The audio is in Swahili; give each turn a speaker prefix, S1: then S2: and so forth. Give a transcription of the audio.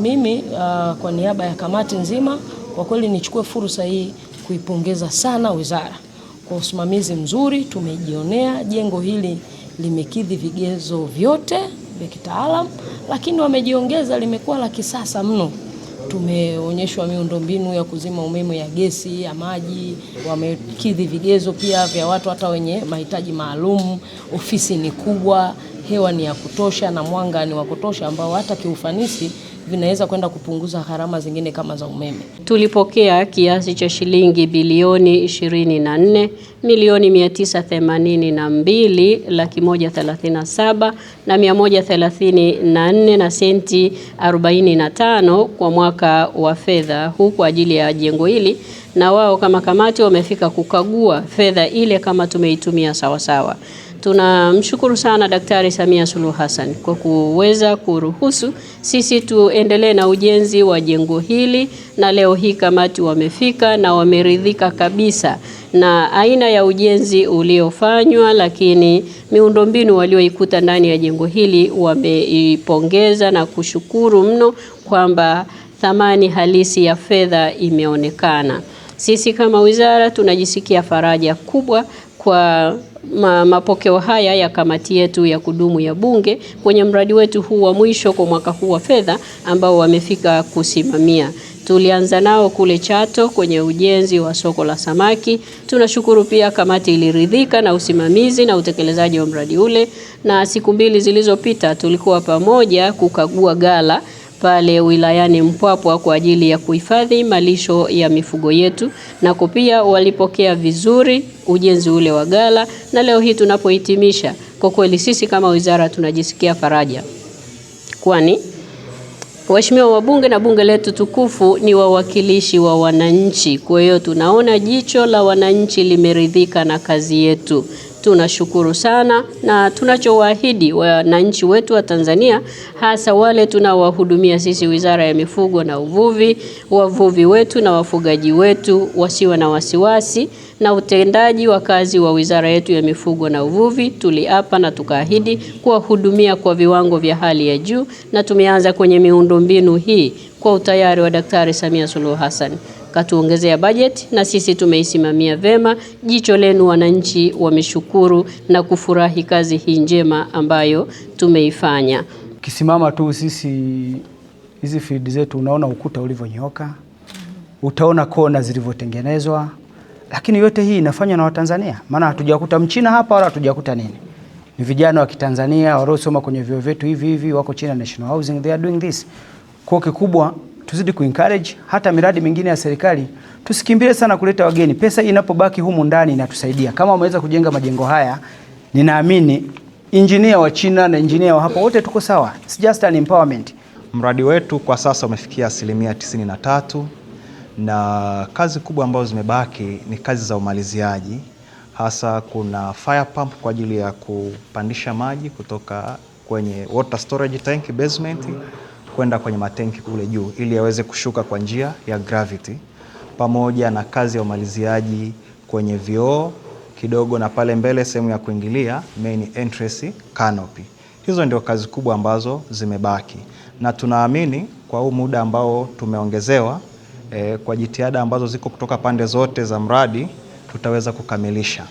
S1: Mimi uh, kwa niaba ya kamati nzima kwa kweli nichukue fursa hii kuipongeza sana wizara kwa usimamizi mzuri. Tumejionea jengo hili limekidhi vigezo vyote vya kitaalam, lakini wamejiongeza, limekuwa la kisasa mno. Tumeonyeshwa miundombinu ya kuzima umeme ya gesi, ya maji, wamekidhi vigezo pia vya watu hata wenye mahitaji maalum. Ofisi ni kubwa hewa ni ya kutosha na mwanga ni wa kutosha ambao hata kiufanisi vinaweza kwenda kupunguza gharama zingine kama za umeme.
S2: Tulipokea kiasi cha shilingi bilioni 24 milioni 982 laki 137 na 134 na senti 45 kwa mwaka wa fedha huu kwa ajili ya jengo hili, na wao kama kamati wamefika kukagua fedha ile kama tumeitumia sawasawa sawa. Tunamshukuru sana Daktari Samia Suluhu Hassan kwa kuweza kuruhusu sisi tuendelee na ujenzi wa jengo hili, na leo hii kamati wamefika na wameridhika kabisa na aina ya ujenzi uliofanywa, lakini miundombinu walioikuta ndani ya jengo hili wameipongeza na kushukuru mno kwamba thamani halisi ya fedha imeonekana. Sisi kama wizara tunajisikia faraja kubwa kwa ma, mapokeo haya ya kamati yetu ya kudumu ya Bunge kwenye mradi wetu huu wa mwisho kwa mwaka huu wa fedha ambao wamefika kusimamia. Tulianza nao kule Chato kwenye ujenzi wa soko la samaki. Tunashukuru pia kamati iliridhika na usimamizi na utekelezaji wa mradi ule, na siku mbili zilizopita tulikuwa pamoja kukagua gala pale wilayani Mpwapwa kwa ajili ya kuhifadhi malisho ya mifugo yetu, nako pia walipokea vizuri ujenzi ule wa gala na leo hii tunapohitimisha, kwa kweli sisi kama wizara tunajisikia faraja, kwani waheshimiwa wabunge na bunge letu tukufu ni wawakilishi wa wananchi. Kwa hiyo tunaona jicho la wananchi limeridhika na kazi yetu. Tunashukuru sana na tunachowaahidi wananchi wetu wa Tanzania, hasa wale tunaowahudumia sisi Wizara ya Mifugo na Uvuvi, wavuvi wetu na wafugaji wetu wasiwe na wasiwasi na utendaji wa kazi wa wizara yetu ya Mifugo na Uvuvi. Tuliapa na tukaahidi kuwahudumia kwa viwango vya hali ya juu, na tumeanza kwenye miundombinu hii kwa utayari wa Daktari Samia Suluhu Hassan katuongezea bajeti na sisi tumeisimamia vema. Jicho lenu wananchi wameshukuru na kufurahi kazi hii njema ambayo tumeifanya.
S3: Ukisimama tu sisi hizi field zetu, unaona ukuta ulivyonyoka, utaona kona zilivyotengenezwa, lakini yote hii inafanywa na Watanzania, maana hatujakuta mchina hapa wala hatujakuta nini ni vijana wa Kitanzania waliosoma kwenye vyuo vyetu hivi hivi, wako China National Housing, they are doing this. Kwa kikubwa tuzidi kuencourage hata miradi mingine ya serikali, tusikimbie sana kuleta wageni. Pesa inapobaki humu ndani inatusaidia. Kama wameweza kujenga majengo haya, ninaamini injinia wa China na injinia wa hapo wote tuko sawa. It's just an empowerment.
S4: Mradi wetu kwa sasa umefikia asilimia tisini na tatu na kazi kubwa ambazo zimebaki ni kazi za umaliziaji, hasa kuna fire pump kwa ajili ya kupandisha maji kutoka kwenye water storage tank basement kwenda kwenye matenki kule juu ili yaweze kushuka kwa njia ya gravity, pamoja na kazi ya umaliziaji kwenye vioo kidogo na pale mbele sehemu ya kuingilia main entrance canopy. Hizo ndio kazi kubwa ambazo zimebaki, na tunaamini kwa huu muda ambao tumeongezewa eh, kwa jitihada ambazo ziko kutoka pande zote za mradi tutaweza kukamilisha.